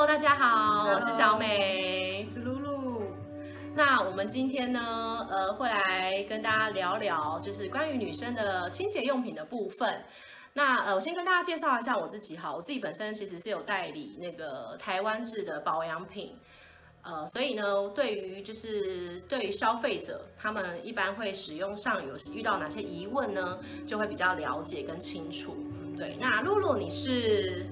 Hello，大家好，Hello, 我是小美，是露露。那我們今天呢，呃，會來跟大家聊聊，就是關於女生的清潔用品的部分。那呃，我先跟大家介紹一下我自己哈，我自己本身其實是有代理那個台灣製的保養品，呃，所以呢，對於就是對於消費者，他們一般會使用上有遇到哪些疑問呢，就會比較了解跟清楚。對，那露露你是？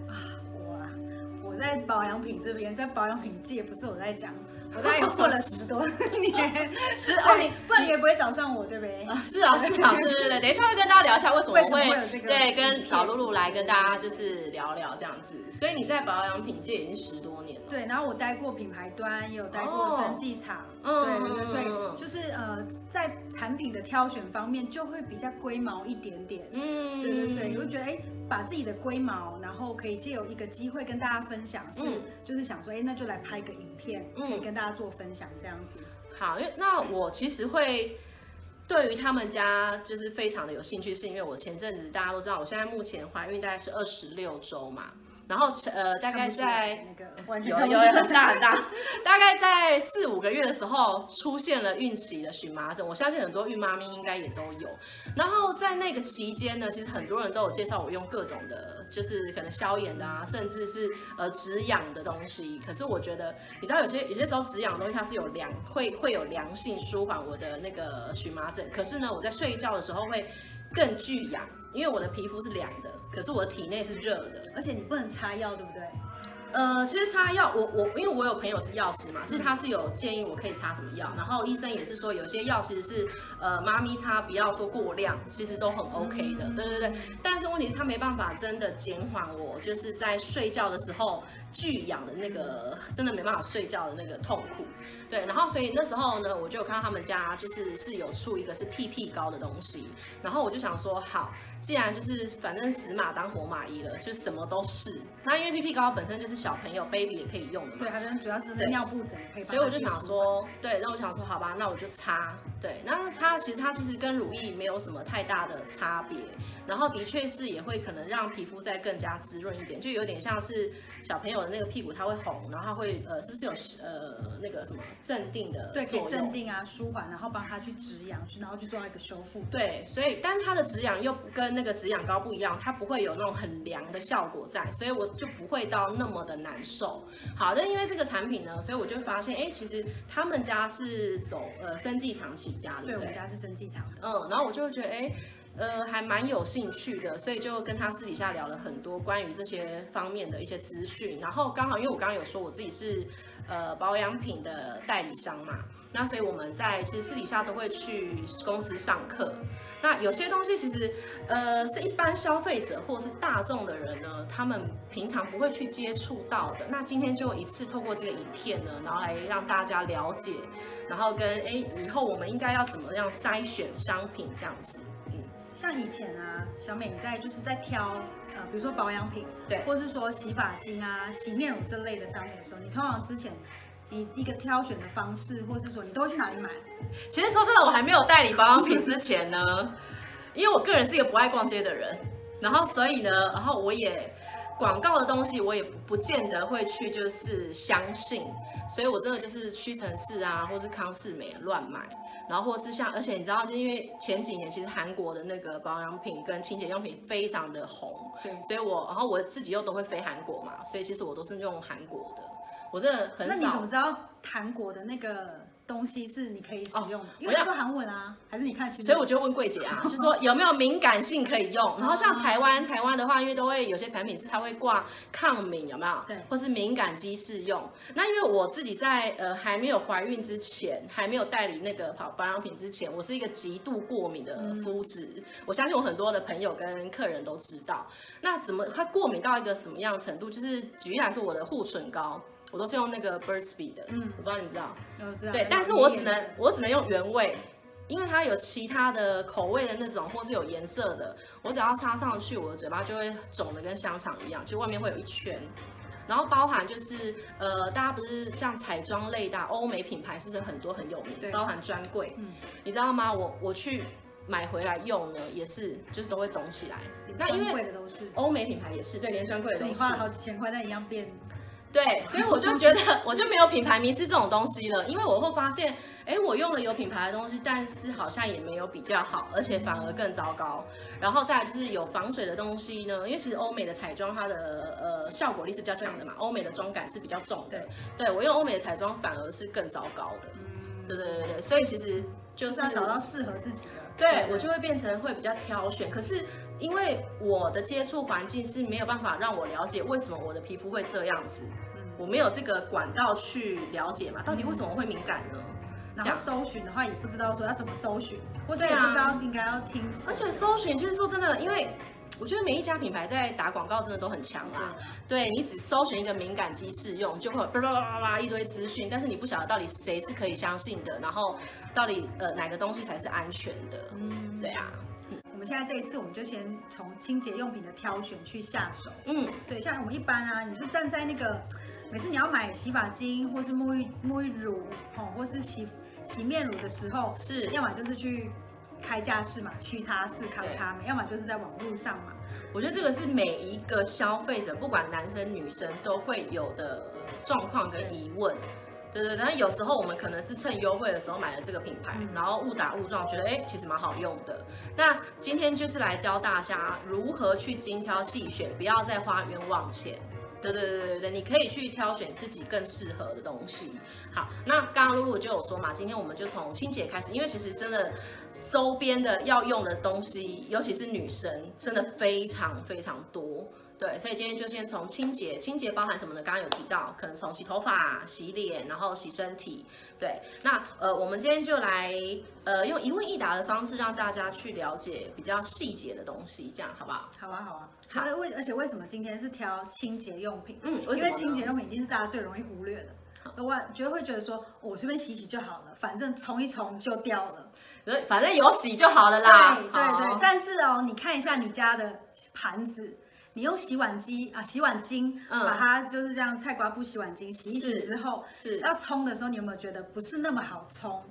在保養品這邊，在保養品界，不是我在講。我大概也混了十多年， 十哦年，哎，不然你也不會找上我對不對？啊是啊是啊，是啊，是啊，對對對，等一下會跟大家聊一下為什麼，會，為什麼會有這個。對，跟小露露來跟大家就是聊聊這樣子，所以你在保養品界已經十多年了，嗯、對，然後我待過品牌端，也有待過生技廠、哦嗯，對對對，所以就是呃在產品的挑選方面就會比較龜毛一點點，嗯對對，對。你會覺得哎把自己的龜毛，然後可以借由一個機會跟大家分享，是就是想說、嗯、哎那就來拍個影片，嗯、可以跟大。做分享這樣子，好，那我其實會對於他們家就是非常的有興趣，是因為我前陣子大家都知道，我現在目前懷孕大概是二十六周嘛。然後呃，大概在、那個、有完全有很大很大，大概在四五個月的時候出現了孕期的蕁麻疹，我相信很多孕媽咪應該也都有。然後在那個期間呢，其實很多人都有介紹我用各種的，就是可能消炎的、啊嗯，甚至是呃止癢的東西。可是我覺得，你知道有些有些時候止癢的東西它是有涼，會會有涼性舒緩我的那個蕁麻疹，可是呢，我在睡覺的時候會更具癢。因為我的皮膚是涼的，可是我的體內是熱的，而且你不能擦藥，對不對？呃，其實擦藥，我我因為我有朋友是藥師嘛，所以他是有建議我可以擦什麼藥，然後醫生也是說有些藥其實是呃媽咪擦，不要說過量，其實都很 OK 的，對不對對，嗯。但是問題是他沒辦法真的減緩我就是在睡覺的時候巨癢的那個、嗯，真的沒辦法睡覺的那個痛苦，對。然後所以那時候呢，我就有看到他們家就是是有出一個是屁屁膏的東西，然後我就想說好。既然就是反正死馬當活馬醫了，就什麼都試。那因為屁屁膏本身就是小朋友 baby 也可以用的嘛，對，好像主要是那個尿布疹可以。所以我就想說，對，那我想說，好吧，那我就擦。對，那擦其實它其實跟乳液沒有什麼太大的差別。然後的確是也會可能讓皮膚再更加滋潤一點，就有點像是小朋友的那個屁股，它會紅，然後它會呃是不是有呃那個什麼鎮定的？對，可以鎮定啊，舒緩，然後幫他去止癢，然後去做到一個修復。對，所以但是它的止癢又不跟那個止癢膏不一樣，它不會有那種很涼的效果在，所以我就不會到那麼的難受。好，但因為這個產品呢，所以我就發現，哎、欸，其實他們家是走呃生技廠起家的，對不對？對，我們家是生技廠。嗯，然後我就會覺得，哎、欸。呃，還蠻有興趣的，所以就跟他私底下聊了很多關於這些方面的一些資訊。然後剛好，因為我剛剛有說我自己是呃保養品的代理商嘛，那所以我們在其實私底下都會去公司上課。那有些東西其實呃是一般消費者或是大眾的人呢，他們平常不會去接觸到的。那今天就一次透過這個影片呢，然後來讓大家了解，然後跟，哎、欸，以後我們應該要怎麼樣篩選商品這樣子。像以前啊，小美你在就是在挑，呃，比如說保養品，對，或是說洗髮精啊、洗面乳這類的商品的時候，你通常之前，你一個挑選的方式，或是說你都會去哪裡買？其實說真的，我還沒有代理保養品之前呢， 因為我個人是一個不愛逛街的人，然後所以呢，然後我也廣告的東西我也不見得會去就是相信，所以我真的就是屈臣氏啊，或是康是美亂買。然後或是像，而且你知道，就因為前幾年其實韓國的那個保養品跟清潔用品非常的紅，對，所以我然後我自己又都會飛韓國嘛，所以其實我都是用韓國的，我真的很少。那你怎麼知道韓國的那個？東西是你可以使用的？哦，因為它不含穩啊，還是你看，所以我就問櫃姐啊， 就說有沒有敏感性可以用？然後像台灣， 台灣的話，因為都會有些產品是它會掛抗敏，有沒有？對，或是敏感肌適用。那因為我自己在呃還沒有懷孕之前，還沒有代理那個跑保養品之前，我是一個極度過敏的膚質，嗯，我相信我很多的朋友跟客人都知道。那怎麼它過敏到一個什麼樣程度？就是舉例來說，我的護唇膏。我都是用那個 Burt's Bees 的，嗯，我不知道你知道，嗯、我知道對、嗯，但是我只能、嗯、我只能用原味，因為它有其他的口味的那種，或是有顏色的，我只要擦上去，我的嘴巴就會腫的跟香腸一樣，就外面會有一圈。然後包含就是呃，大家不是像彩妝類的歐美品牌是不是很多很有名？包含專櫃，嗯，你知道嗎？我我去買回來用呢，也是就是都會腫起來。那因為貴的都是歐美品牌也是，對，連專櫃的都是。你花好幾千塊，但一樣變。對，所以我就覺得我就沒有品牌迷思這種東西了，因為我會發現，哎，我用了有品牌的東西，但是好像也沒有比較好，而且反而更糟糕。然後再來就是有防水的東西呢，因為其實歐美的彩妝它的呃效果力是比較強的嘛，歐美的妝感是比較重的。對，對我用歐美的彩妝反而是更糟糕的。對對對對，所以其實就是，是要找到適合自己的。對我就會變成會比較挑選，可是因為我的接觸環境是沒有辦法讓我了解為什麼我的皮膚會這樣子。我沒有這個管道去了解嘛，到底為什麼會敏感呢？嗯、然後搜尋的話，也不知道說要怎麼搜尋，我、啊、也不知道應該要聽。而且搜尋其實說真的，因為我覺得每一家品牌在打廣告真的都很強啊。對，對你只搜尋一個敏感肌試用，就會叭叭叭一堆資訊，但是你不曉得到底誰是可以相信的，然後到底呃哪個東西才是安全的。嗯，對啊。嗯、我們現在這一次我們就先從清潔用品的挑選去下手。嗯，對，像我們一般啊，你是站在那個。每次你要買洗髮精或是沐浴沐浴乳，哦，或是洗洗面乳的時候，是，要麼就是去開架式嘛，去擦試，看擦。沒，要麼就是在網絡上嘛。我覺得這個是每一個消費者，不管男生女生都會有的狀況跟疑問。對對，對，然後有時候我們可能是趁優惠的時候買了這個品牌，嗯、然後誤打誤撞覺得哎，其實蠻好用的。那今天就是來教大家如何去精挑細選，不要再花冤枉錢。對對對對對，你可以去挑選自己更適合的東西。好，那剛剛露露就有說嘛，今天我們就從清潔開始，因為其實真的周邊的要用的東西，尤其是女生，真的非常非常多。對，所以今天就先從清潔，清潔包含什麼呢？剛剛有提到，可能從洗頭髮、洗臉，然後洗身體。對，那呃，我們今天就來呃，用一問一答的方式，讓大家去了解比較細節的東西，這樣好不好？好啊，好啊。好，為而且為什麼今天是挑清潔用品？嗯，我覺得清潔用品一定是大家最容易忽略的。我覺得會覺得說，哦，我隨便洗洗就好了，反正沖一沖就掉了，反正有洗就好了啦。對對對，對，但是哦，你看一下你家的盤子。你用洗碗機啊，洗碗精、嗯、把它就是這樣菜瓜布洗碗精洗一洗之後，是，要沖的時候，你有沒有覺得不是那麼好沖？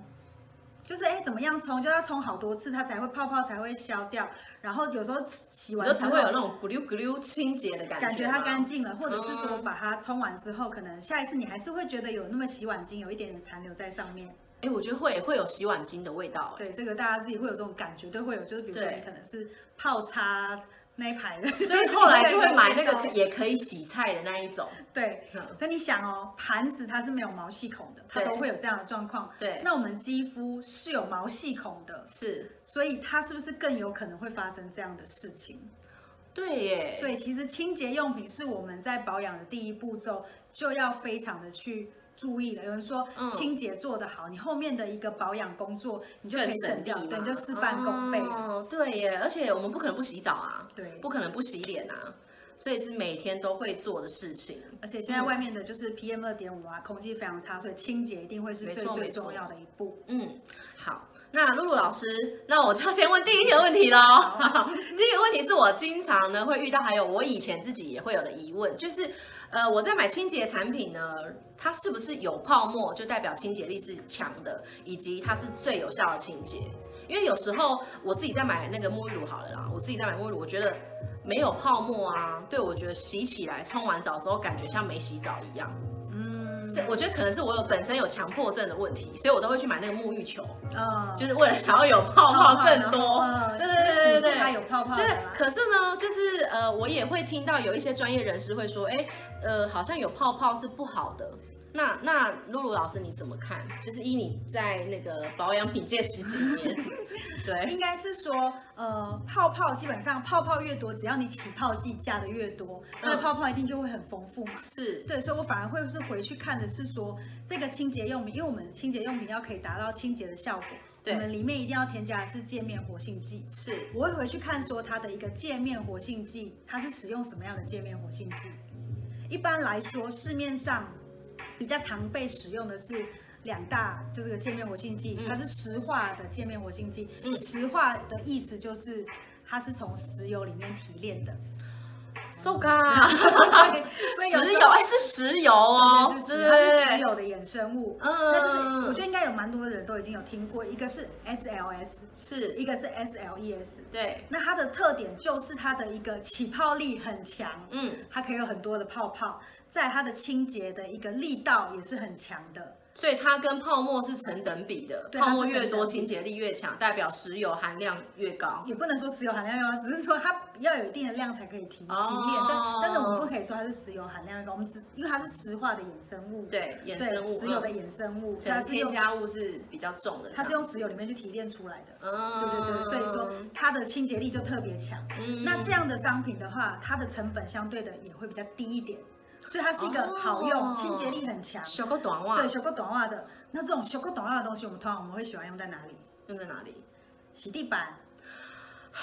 就是哎，怎麼樣沖，就要沖好多次，它才會泡泡才會消掉。然後有時候洗完之後才會有那種咕溜咕溜清潔的感覺，感覺它乾淨了，或者是說把它沖完之後、嗯，可能下一次你還是會覺得有那麼洗碗精有一點點殘留在上面。哎，我覺得會會有洗碗精的味道。對，這個大家自己會有這種感覺，都會有，就是比如說你可能是泡茶。那一排的，所以後來就會買那個也可以洗菜的那一種。對，所以、嗯、你想哦，盤子它是沒有毛細孔的，它都會有這樣的狀況對。對，那我們肌膚是有毛細孔的，是，所以它是不是更有可能會發生這樣的事情？對耶，所以其實清潔用品是我們在保養的第一步驟，就要非常的去。注意了，有人說清潔做得好，嗯、你後面的一個保養工作，你就可以省掉力，對，你就事半功倍了。哦。對耶，而且我們不可能不洗澡啊，對，不可能不洗臉啊，所以是每天都會做的事情。而且現在外面的就是 PM 二點五啊，空氣非常差，所以清潔一定會是最最，最重要的一步。嗯，好。那露露老師，那我就要先問第一個問題嘍。哈哈，第一個問題是我經常呢會遇到，還有我以前自己也會有的疑問，就是，呃，我在買清潔產品呢，它是不是有泡沫就代表清潔力是強的，以及它是最有效的清潔？因為有時候我自己在買那個沐浴乳好了啦，我自己在買沐浴乳，我覺得沒有泡沫啊，對，我覺得洗起來沖完澡之後感覺像沒洗澡一樣。嗯，這我覺得可能是我有本身有強迫症的問題，所以我都會去買那個沐浴球。嗯、就是為了想要有泡泡更多，對、嗯嗯、對對對對對，對，對，對，對，對，對，可是呢，就是呃，我也會聽到有一些專業人士會說，哎、欸，呃，好像有泡泡是不好的。那那露露老師你怎麼看？就是依你在那個保養品界十幾年，對， 應該是說，呃，泡泡基本上泡泡越多，只要你起泡劑加的越多，那泡泡一定就會很豐富嘛、嗯。是，對，所以我反而會是回去看的是說，這個清潔用品，因為我們清潔用品要可以達到清潔的效果，對，我們裡面一定要添加的是界面活性劑。是，我會回去看說它的一個界面活性劑，它是使用什麼樣的界面活性劑？一般來說，市面上。比較常被使用的是兩大，就是這個界面活性劑，它是石化的界面活性劑。石化的意思就是它是從石油裡面提煉的。嗯、Soga 石油還是石油哦，就是、石油對對對，它是石油的衍生物。嗯，那就是我覺得應該有蠻多的人都已經有聽過，一個是 SLS，是一個是 SLES。對，那它的特點就是它的一個起泡力很強，嗯，它可以有很多的泡泡。在它的清潔的一個力道也是很強的，所以它跟泡沫是成等比的，嗯、泡沫越多，清潔力越強，代表石油含量越高。也不能說石油含量越高，只是說它要有一定的量才可以提提煉。但、哦、但是我們不可以說它是石油含量高，我們只因為它是石化的衍生物。對，衍生物。嗯、石油的衍生物，嗯、所以它是用添加物是比較重的，它是用石油裡面去提煉出來的。嗯。對對對，所以說它的清潔力就特別強。嗯。那這樣的商品的話，它的成本相對的也會比較低一點。所以它是一個好用、清潔力很強、小個短襪對效果短襪的，那這種小個短襪的東西，我們通常我們會喜歡用在哪裡？用在哪裡？洗地板，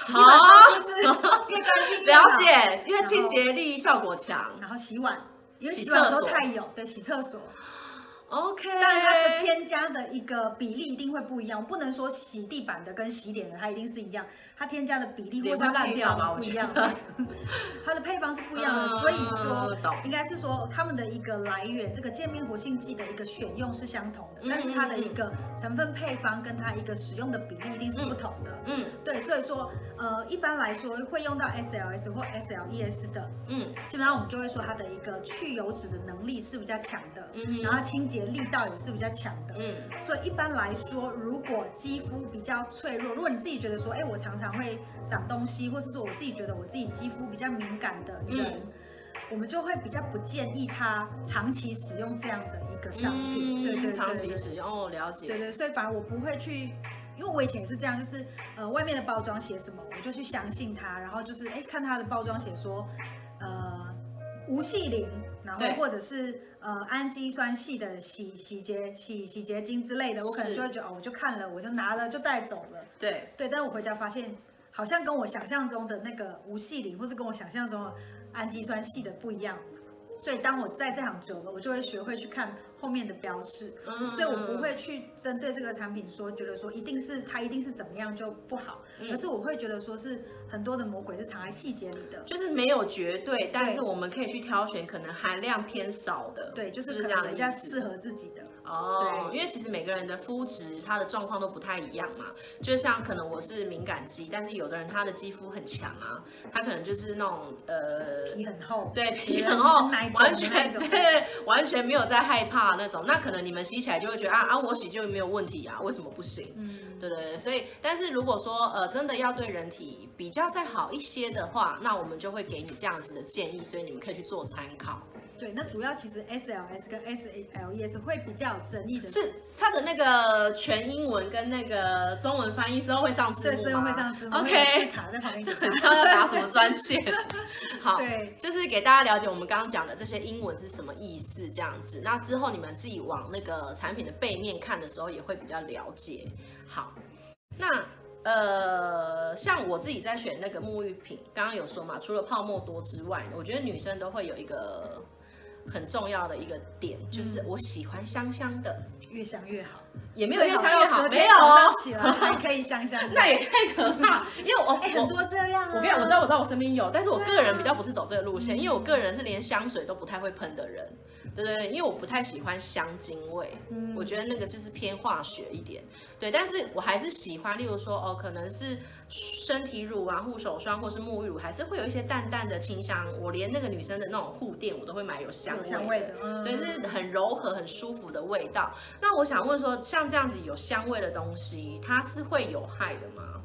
地板是乾淨好，越乾淨越好，了解，因為清潔力效果強，然後洗碗，因為洗碗的時候太油，對，洗廁所。OK，但是它的添加的一個比例一定會不一樣，不能說洗地板的跟洗臉的它一定是一樣，它添加的比例或者它的配方不一樣的， 它的配方是不一樣的、嗯，所以說應該是說它們的一個來源、嗯，這個界面活性劑的一個選用是相同的、嗯，但是它的一個成分配方跟它一個使用的比例一定是不同的，嗯，嗯對，所以說呃一般來說會用到 SLS 或 SLES 的，嗯，基本上我們就會說它的一個去油脂的能力是比較強的，嗯、然後清潔。力道也是比較強的，嗯，所以一般來說，如果肌膚比較脆弱，如果你自己覺得說，哎、欸，我常常會長東西，或是說我自己覺得我自己肌膚比較敏感的人，人、嗯，我們就會比較不建議他長期使用這樣的一個商品，嗯、對對，對，對，對長期使用哦，了解，對，對對，所以反而我不會去，因為我以前也是這樣，就是呃，外面的包裝寫什麼，我就去相信他。然後就是哎、欸，看他的包裝寫說，呃，無矽靈。然後或者是呃氨基酸系的洗洗潔洗洗潔精之類的，我可能就會覺得哦，我就看了，我就拿了就帶走了。對對，但我回家發現，好像跟我想象中的那個無矽靈或者跟我想象中氨基酸系的不一樣。所以當我在這行久了，我就會學會去看後面的標示，嗯、所以我不會去針對這個產品說，嗯、覺得說一定是它一定是怎麼樣就不好，嗯，而是我會覺得說是很多的魔鬼是藏在細節裡的，就是沒有絕對，對，但是我們可以去挑選可能含量偏少的，對，是是就是可能比較適合自己的。哦、oh，因為其實每個人的膚質它的狀況都不太一樣嘛，就像可能我是敏感肌，但是有的人他的肌膚很強啊，他可能就是那種呃皮很厚，對皮很厚，很厚完全對完全沒有在害怕那種，那可能你們洗起來就會覺得啊啊我洗就沒有問題呀、啊，為什麼不行？嗯、對，對對，所以但是如果說呃真的要對人體比較再好一些的話，那我們就會給你這樣子的建議，所以你們可以去做參考。對，那主要其實 S L S 跟 S A L S 會比較爭議的是，是它的那個全英文跟那個中文翻譯之後會上字幕嗎？對，之後會上字幕。OK，在卡在旁邊，這很像打什麼專線。 好，對，就是給大家了解我們剛剛講的這些英文是什麼意思，這樣子。那之後你們自己往那個產品的背面看的時候，也會比較了解。好，那呃，像我自己在選那個沐浴品，剛剛有說嘛，除了泡沫多之外，我覺得女生都會有一個。很重要的一個點就是，我喜歡香香的，越香越好，也沒有越香越好，越好沒有，沒早起來 可以香香，那也太可怕， 因為我、欸、我很多這樣、啊，我跟你講，我知道我知道我身邊有，但是我個人比較不是走這個路線，啊、因為我個人是連香水都不太會噴的人。嗯嗯對對，因為我不太喜歡香精味，嗯，我覺得那個就是偏化學一點。對，但是我還是喜歡，例如說哦，可能是身體乳啊、護手霜或是沐浴乳，還是會有一些淡淡的清香。我連那個女生的那種護墊，我都會買有香味有香味的，嗯，對，是很柔和、很舒服的味道。那我想問說，像這樣子有香味的東西，它是會有害的嗎？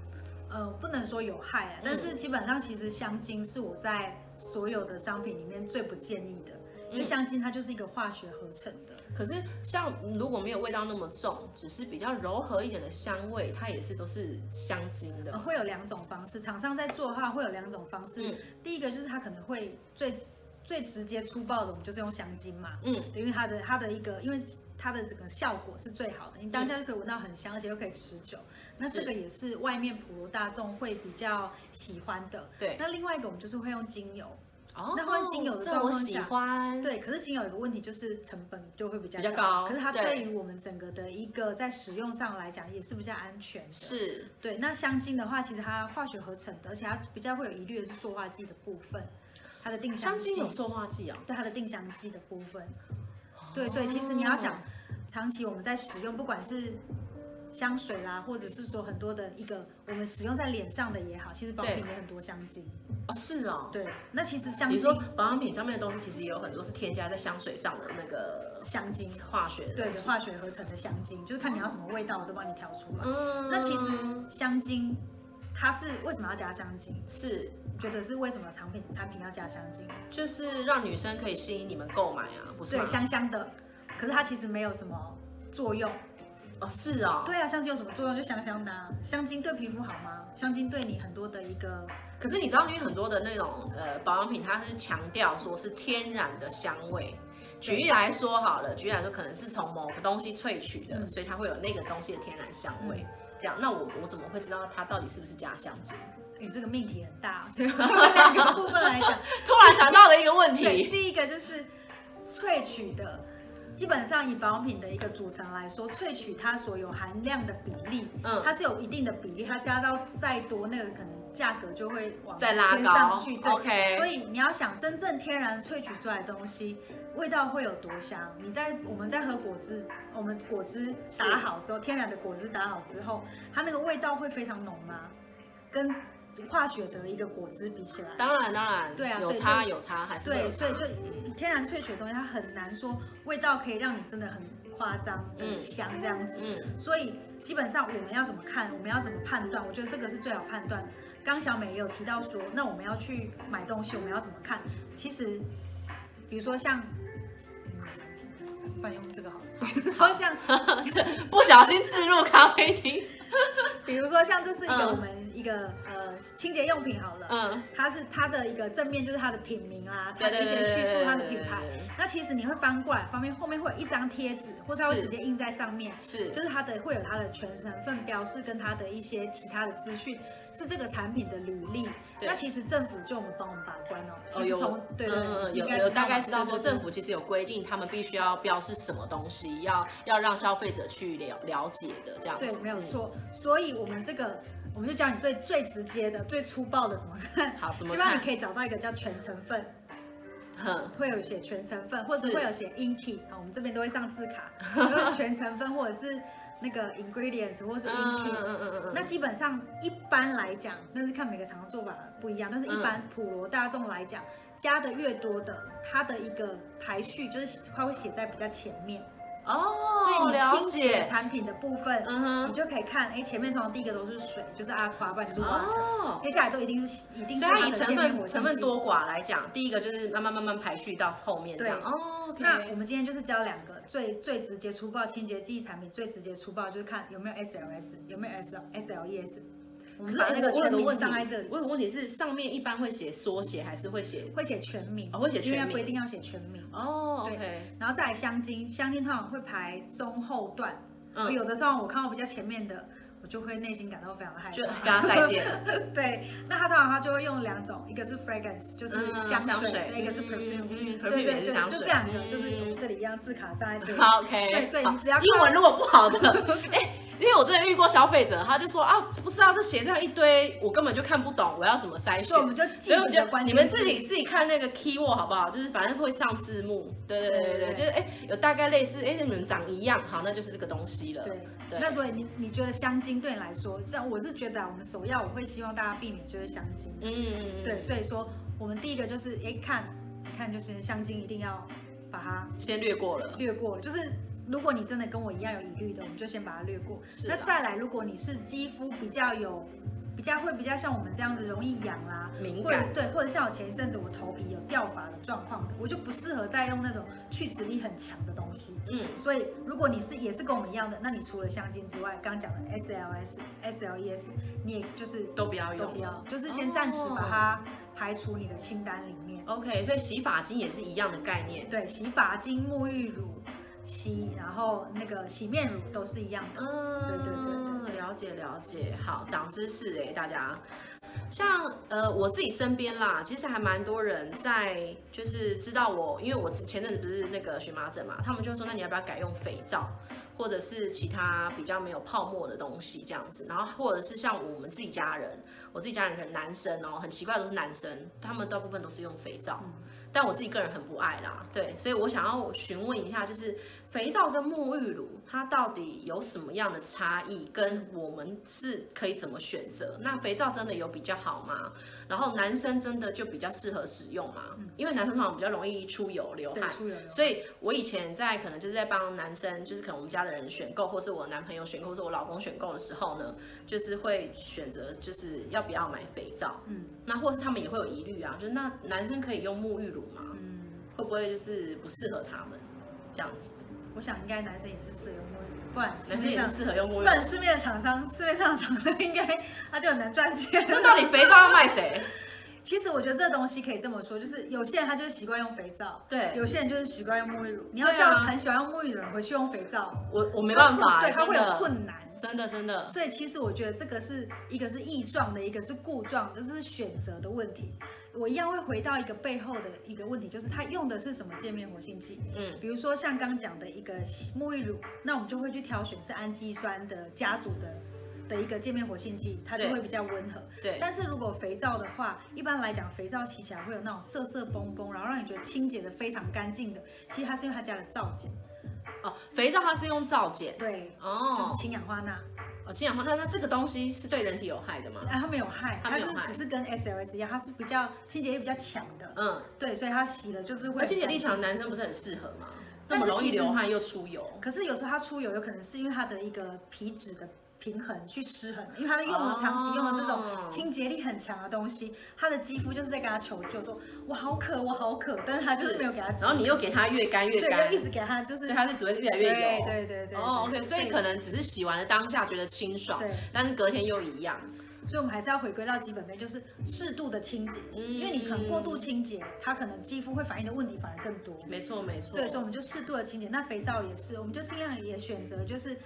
呃，不能說有害啊，但是基本上其實香精是我在所有的商品裡面最不建議的。因為香精它就是一個化學合成的、嗯，可是像如果沒有味道那麼重，只是比較柔和一點的香味，它也是都是香精的。會有兩種方式，廠商在做的話會有兩種方式。嗯、第一個就是它可能會最最直接粗暴的，我們就是用香精嘛。嗯。因為它的它的一個，因為它的這個效果是最好的，你當下就可以聞到很香、嗯，而且又可以持久。那這個也是外面普羅大眾會比較喜歡的。對。那另外一個我們就是會用精油。哦、那換精油的狀況來講，對，可是精油有一個問題，就是成本就會比較，比較高。可是它對於我們整個的一個在使用上來講，也是比較安全的。是，對。那香精的話，其實它化學合成的，而且它比較會有疑慮的是塑化劑的部分，它的定香劑。香精有塑化劑啊，對它的定香劑的部分、哦。對，所以其實你要想，長期我們在使用，不管是。香水啦、啊，或者是說很多的一個我們使用在臉上的也好，其實保養品有很多香精。哦，是哦。對，那其實香精，你說保養品上面的東西，其實也有很多是添加在香水上的那個的香精，化學對化學合成的香精，就是看你要什麼味道，我都幫你調出來。嗯。那其實香精，它是為什麼要加香精？是你覺得是為什麼產品產品要加香精？就是讓女生可以吸引你們購買啊，不是？對，香香的，可是它其實沒有什麼作用。哦，是啊，哦，對啊，香精有什麼作用？就香香的、啊。香精對皮膚好嗎？香精對你很多的一個，可是你知道，因為很多的那種呃保養品，它是強調說是天然的香味。舉例來說好了，舉例來說可能是從某個東西萃取的、嗯，所以它會有那個東西的天然香味。嗯、這樣，那我我怎麼會知道它到底是不是加香精？你這個命題很大，啊，所以我們兩個部分來講， 突然想到了一個問題。 對，第一個就是萃取的。基本上以保養品的一個組成來說，萃取它所有含量的比例，嗯，它是有一定的比例，它加到再多，那個可能價格就會往再拉上去。對、OK，所以你要想真正天然萃取出來的東西，味道會有多香？你在我們在喝果汁，我們果汁打好之後，天然的果汁打好之後，它那個味道會非常濃嗎、啊？跟化學的一個果汁比起來，當然當然，對啊，有差有差，還是有差，對，所以就天然萃取的東西，它很難說味道可以讓你真的很誇張、嗯、很香這樣子、嗯。所以基本上我們要怎麼看，我們要怎麼判斷、嗯？我覺得這個是最好判斷。剛、嗯、小美也有提到說，那我們要去買東西，我們要怎麼看？其實，比如說像，換、嗯、用這個好， 說像 不小心置入咖啡廳， 比如說像這是一個我們一個、嗯、呃。清潔用品好了，嗯，它是它的一個正面，就是它的品名啊，它的一些敘述，它的品牌。對對對對，那其實你會翻過來，方便後面會有一張貼紙，或者它會直接印在上面，是，就是它的會有它的全成分標示，跟它的一些其他的資訊，是這個產品的履歷。那其實政府就幫我們把關其實哦，有從對對對，有有，有，有，有大概知道說政府其實有規定，他們必須要標示什麼東西，要要讓消費者去了了解的這樣子。對，沒有錯，嗯，所以我們這個。我們就教你最最直接的、最粗暴的怎麼看，好，怎麼希望你可以找到一個叫全成分，會有寫全成分，或者會有寫 INCI。好，我們這邊都會上字卡，有全成分 或者是那個 ingredients，或者是 INCI。那基本上一般來講，但是看每個廠的做法不一樣，但是一般普羅大眾來講，嗯、加的越多的，它的一個排序就是它會寫在比較前面。哦、oh，所以你清潔產品的部分，嗯哼，你就可以看，哎，前面通常第一個都是水，就是 Aqua，不然就是 Water、oh. 接下來都一定是，一定是，所以，以成分成分多寡來講，第一個就是慢慢慢慢排序到後面這樣。對。哦。Oh, okay. 那我們今天就是教兩個最最直接粗暴清潔劑產品，最直接粗暴就是看有沒有 SLS，有沒有 S SLES。我可是把那個問的、嗯、問題，我有個問題是，上面一般會寫縮寫還是會寫會寫全名？哦，會寫全名。因為規定要寫全名哦。OK。然後再來香精，香精它好像會排中後段。嗯。有的時候我看到比較前面的，我就會內心感到非常的害怕。就大家再見。他 對。那它通常它就會用兩種，一個是 fragrance，就是香水，一個是 perfume，嗯嗯嗯，對嗯對、嗯、是對，就這兩個、嗯，就是這裡一樣字卡上在這裡。OK。所以你只要英文如果不好的。 因為我之前遇過消費者，他就說啊，不知道、啊、這寫這樣一堆，我根本就看不懂，我要怎麼篩選？所以我們就你們自己自己看那個 keyword 好不好？就是反正會上字幕，對對對對，對，對，對就是哎，有大概類似，哎，你們長一樣，好，那就是這個東西了。對對，那所以你你覺得香精對你來說，這樣我是覺得啊，我們首要我會希望大家避免就是香精。嗯，嗯嗯嗯。對，所以說我們第一個就是，一看看就是香精一定要把它先略過了，略過了，就是。如果你真的跟我一樣有疑慮的，我們就先把它略過。那再來，如果你是肌膚比較有，比較會比較像我們這樣子容易癢啦、啊，敏感，對，或者像我前一陣子我頭皮有掉髮的狀況，我就不適合再用那種去脂力很強的東西。嗯。所以如果你是也是跟我們一樣的，那你除了香精之外，剛講的 SLS、SLES，你也就是都不要用，都不要，就是先暫時把它排除你的清單裡面。哦、OK，所以洗髮精也是一樣的概念。嗯、對，洗髮精、沐浴乳。洗，然後那個洗面乳都是一樣的。嗯，對對對，了解了解，好，長知識哎、欸，大家。像呃我自己身邊啦，其實還蠻多人在，就是知道我，因為我前陣子不是那個蕁麻疹嘛，他們就說那你要不要改用肥皂，或者是其他比較沒有泡沫的東西這樣子。然後或者是像我們自己家人，我自己家人的男生哦，很奇怪的都是男生，他們大部分都是用肥皂。嗯。但我自己個人很不愛啦，對，所以我想要詢問一下，就是。肥皂跟沐浴乳，它到底有什麼樣的差異？跟我們是可以怎麼選擇？那肥皂真的有比較好嗎？然後男生真的就比較適合使用嗎？嗯，因為男生好像比較容易出油流汗，出油汗，所以我以前在可能就是在幫男生，就是可能我們家的人選購，或是我男朋友選購，或是我老公選購的時候呢，就是會選擇就是要不要買肥皂。嗯，那或是他們也會有疑慮啊，就是那男生可以用沐浴乳嗎？嗯，會不會就是不適合他們這樣子？我想應該男生也是適合用沐浴，不然男生也是適合用沐浴。不然市面上廠商，市面上的廠商應該他就很難賺錢。那到底肥皂要賣誰？ 其實我覺得這個東西可以這麼說，就是有些人他就是習慣用肥皂，對，有些人就是習慣用沐浴乳、啊。你要叫很喜歡用沐浴乳的人回去用肥皂，我我沒辦法、欸它，對他會有困難，真的真的。所以其實我覺得這個是一個是液狀的，一個是固狀的，這是選擇的問題。我一樣會回到一個背後的一個問題，就是它用的是什麼界面活性劑？嗯，比如說像剛講的一個洗沐浴乳，那我們就會去挑選是氨基酸的家族的的一個界面活性劑，它就會比較溫和對。對。但是如果肥皂的話，一般來講，肥皂洗起來會有那種澀澀嘣嘣，然後讓你覺得清潔的非常乾淨的，其實它是用它加了皂鹼。肥皂它是用皂鹼，對，哦，就是氫氧化鈉。哦，氫氧化鈉，那這個東西是對人體有害的嗎？哎、啊，它沒有害，它是它只是跟 S L S 一樣，它是比較清潔力比較強的。嗯，對，所以它洗了就是會清潔力強的男生不是很適合嗎？那麼容易流汗又出油。可是有時候它出油，有可能是因為它的一個皮脂的。平衡去失衡，因為他用的用了長期、oh, 用了這種清潔力很強的東西，他的肌膚就是在跟他求救，說我好渴，我好渴。但是他就是沒有給他，然後你又給他越乾越乾，對，一直給他就是，所以他是只會越來越油。對對對。哦、oh，OK，所以，所以可能只是洗完了當下覺得清爽，但是隔天又一樣。所以我們還是要回歸到基本面，就是適度的清潔、嗯，因為你可能過度清潔，它可能肌膚會反應的問題反而更多。沒錯沒錯。對。所以我們就適度的清潔，那肥皂也是，我們就盡量也選擇就是。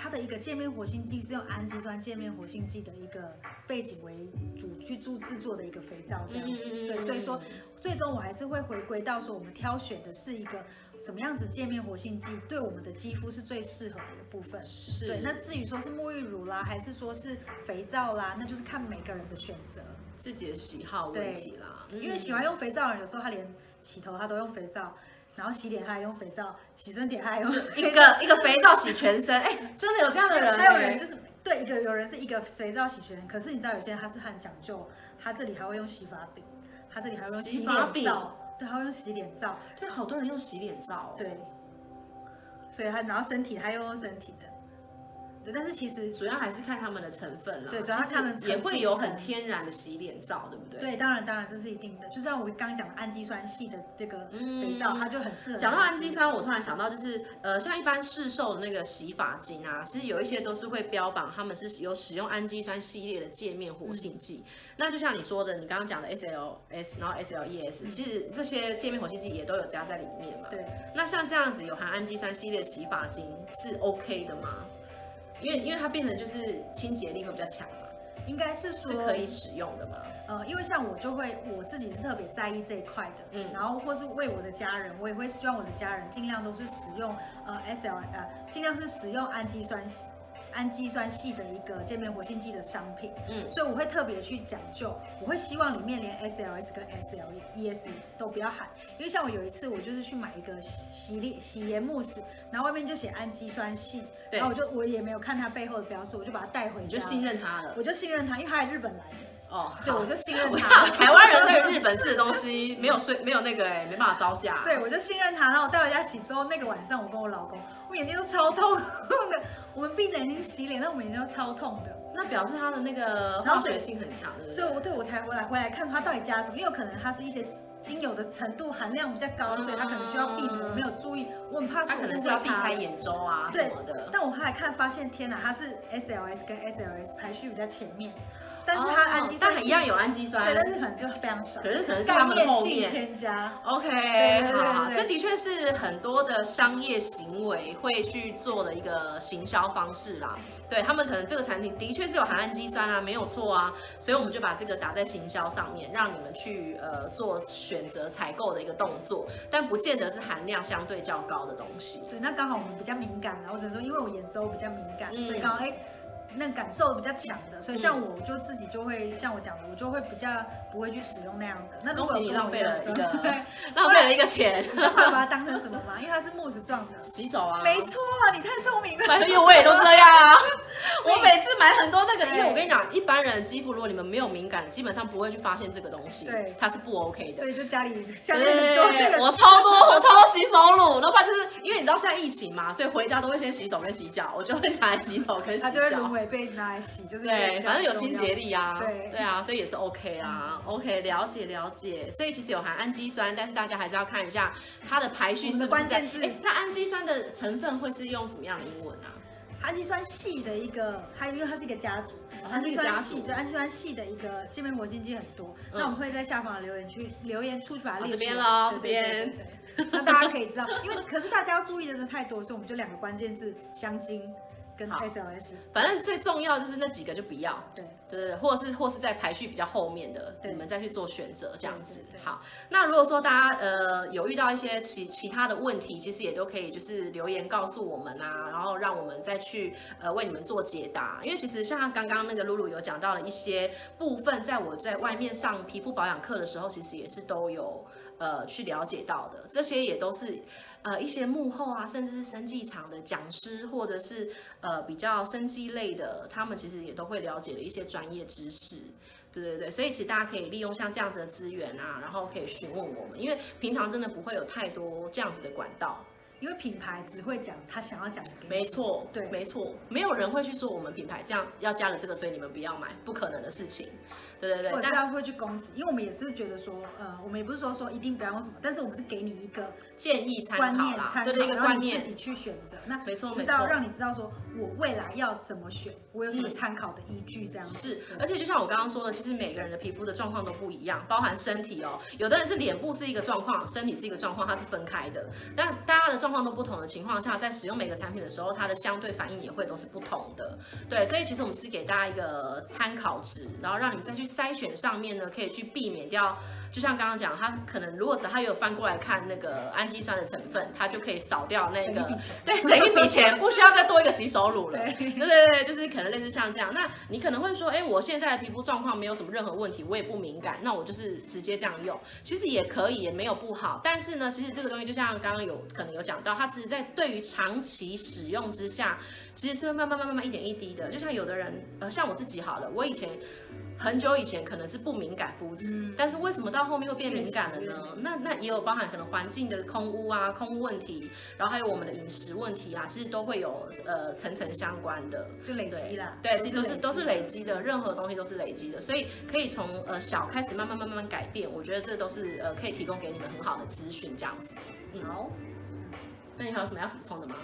它的一個界面活性劑是用氨基酸界面活性劑的一個背景為主去做製作的一個肥皂，這樣子，對，所以說最終我還是會回歸到說我們挑選的是一個什麼樣子界面活性劑對我們的肌膚是最適合的一個部分，對。那至於說是沐浴乳啦，還是說是肥皂啦，那就是看每個人的選擇，自己的喜好問題啦。因為喜歡用肥皂的人，有時候他連洗頭他都用肥皂。然後洗臉還用肥皂，洗身體還用一個 一個肥皂洗全身，哎、欸，真的有這樣的人？還有人就是、欸、對，一個有人是一個肥皂洗全身，可是你知道有些人他是很講究，他這裡還會用洗髮餅，他這裡還會用洗髮皂，對，還會用洗臉皂，就好多人用洗臉皂、哦，對，所以他然後身體還用，用身體的。但是其實主要還是看他們的成分了、啊，對，主要看他們也會有很天然的洗臉皂，對，對不對？對，當然當然這是一定的。就像我剛剛講的氨基酸系的這個肥皂、嗯，它就很適合。講到氨基酸，我突然想到就是呃，像一般市售的那個洗髮精啊，其實有一些都是會標榜他們是有使用氨基酸系列的界面活性劑、嗯。那就像你說的，你剛剛講的 SLS，然後 SLES，其實這些界面活性劑也都有加在裡面嘛。對。那像這樣子有含氨基酸系列的洗髮精是 OK 的嗎？嗯因為因為它變得就是清潔力會比較強嘛，應該是說是可以使用的嘛。呃，因為像我就會我自己是特別在意這一塊的，嗯，然後或是為我的家人，我也會希望我的家人盡量都是使用，呃，SL，呃，盡量是使用氨基酸洗。氨基酸系的一個界面活性劑的商品，嗯，所以我會特別去講究，我會希望裡面連 SLS 跟 SLES 都不要含，因為像我有一次，我就是去買一個洗臉洗臉洗顏慕斯，然後外面就寫氨基酸系，然後我就我也沒有看它背後的標示，我就把它帶回家，就信任它了，我就信任它，因為它是日本來的。哦、oh,，對，我就信任他。 台灣人對日本制的東西沒有睡 沒有那個哎、欸，沒辦法招架。對，我就信任他，然後我帶回家洗之後，那個晚上我跟我老公，我眼睛都超痛的。 我們閉着眼睛洗臉，那我們眼睛都超痛的。 那表示他的那個化學性很強，的所以，對對對所以我對我才回來回來看他到底加了什麼，因為有可能他是一些精油的程度含量比較高，嗯、所以他可能需要避免。嗯、我沒有注意，我很怕。它可能是要避開眼周啊，對什麼的。但我後來看發現，天哪，它是 SLS 跟 SLS 排序比較前面。但是它氨基酸、哦哦、很一樣有氨基酸，嗯，但是可能就非常少。可是可能在他們的後面性添加。OK，好好，這的確是很多的商業行為會去做的一個行銷方式啦。對，他們可能這個產品的確是有含氨基酸啊，嗯，沒有錯啊，所以我們就把這個打在行銷上面，讓你們去呃做選擇採購的一個動作，但不見得是含量相對較高的東西。對，那剛好我們比較敏感啊，我只能說因為我眼周比較敏感，嗯、所以剛好哎。那個、感受比較強的，所以像我就自己就會、嗯、像我講的，我就會比較不會去使用那樣的。那如果你浪費了一個， 對，浪費了一個錢，那 會把它當成什麼嗎？因為它是慕斯狀的，洗手啊，沒錯。哇、啊，你太聰明了！買 衣我也都這樣啊，我每次買很多那個因為我跟你講，一般人肌膚如果你們沒有敏感，基本上不會去發現這個東西，對，它是不 OK 的。所以就家裡,家裡、這個、對對多我超多，我超多洗手乳，那 怕就是因為你知道現在疫情嘛，所以回家都會先洗手跟洗腳，我就會拿來洗手，跟洗腳。就會被拿來洗，就是對，反正有清潔力啊，對對啊，所以也是 OK 啊。嗯、OK，了解了解。所以其實有含氨基酸，但是大家還是要看一下它的排序是不是在關鍵字、欸、那氨基酸的成分會是？用什麼樣的英文啊？氨基酸系的一個，還有因為是、哦、它是一個家族，氨基酸系對氨基酸系的一個界面活性劑很多、嗯。那我們會在下方留言區留言，出出來這邊嘍，這邊。那大家可以知道， 因為可是大家要注意的是太多，所以我們就兩個關鍵字：香精。跟 SOS，反正最重要就是那幾個就不要，對對對、就是，或者是或者是在排序比較後面的，對，你們再去做選擇這樣子，對對對。好，那如果說大家呃有遇到一些其其他的問題，其實也都可以就是留言告訴我們啊，然後讓我們再去呃為你們做解答。因為其實像剛剛那個露露有講到了一些部分，在我在外面上皮膚保養課的時候，其實也是都有呃去了解到的，這些也都是。呃，一些幕後啊，甚至是生技場的講師，或者是呃比較生技類的，他們其實也都會了解的一些專業知識，對對對，所以其實大家可以利用像這樣子的資源啊，然後可以詢問我們，因為平常真的不會有太多這樣子的管道。因為品牌只會講他想要講的，沒錯，對，沒錯，沒有人會去說我們品牌這樣要加了這個，所以你們不要買，不可能的事情。對對對，大家會去攻擊，因為我們也是覺得說，呃，我們也不是說說一定不要用什麼，但是我們是給你一個觀念建議參考啦，對，對一個觀念，你自己去選擇。那沒錯，我們知讓你知道說我未來要怎麼選，我有什麼參考的依據、嗯、這樣是，而且就像我剛剛說的、嗯，其實每個人的皮膚的狀況都不一樣，包含身體哦，有的人是臉部是一個狀況，嗯、身體是一個狀況，它是分開的。但大家的狀狀況都不同的情況下，在使用每個產品的時候，它的相對反應也會都是不同的。對，所以其實我們是給大家一個參考值，然後讓你們再去篩選上面呢，可以去避免掉。就像剛剛講，它可能如果只它有翻過來看那個氨基酸的成分，它就可以掃掉那個，對，省一筆錢，不需要再多一個洗手乳了，對。對對對，就是可能類似像這樣。那你可能會說，哎，我現在的皮膚狀況沒有什麼任何問題，我也不敏感，那我就是直接這樣用，其實也可以，也沒有不好。但是呢，其實這個東西就像剛剛有可能有講到，它其實在對於長期使用之下，其實是會慢慢慢慢慢一點一滴的。就像有的人，呃，像我自己好了，我以前。很久以前可能是不敏感膚質，嗯，但是為什麼到後面又變敏感了呢？嗯、那那也有包含可能環境的空污啊，空污問題，然後還有我們的飲食問題啊，其實都會有呃層層相關的，就累積了。對，其實都是都是累積，累積的，任何東西都是累積的，所以可以從呃小開始慢慢慢慢慢慢改變。我覺得這都是呃可以提供給你們很好的資訊這樣子，嗯。好，那你還有什麼要補充的嗎？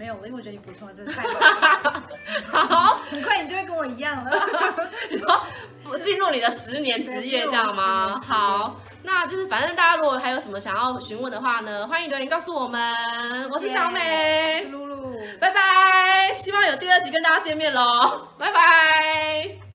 沒有，因為我覺得你不錯，真的太好了。 好，很 快你就會跟我一樣了。 你說我進入你的十年職業， 年職業這樣嗎？ 好，那就是反正大家如果還有什麼想要詢問的話呢，歡迎留言告訴我們。我是小美，露、yeah，露，拜拜。希望有第二集跟大家見面嘍，拜拜。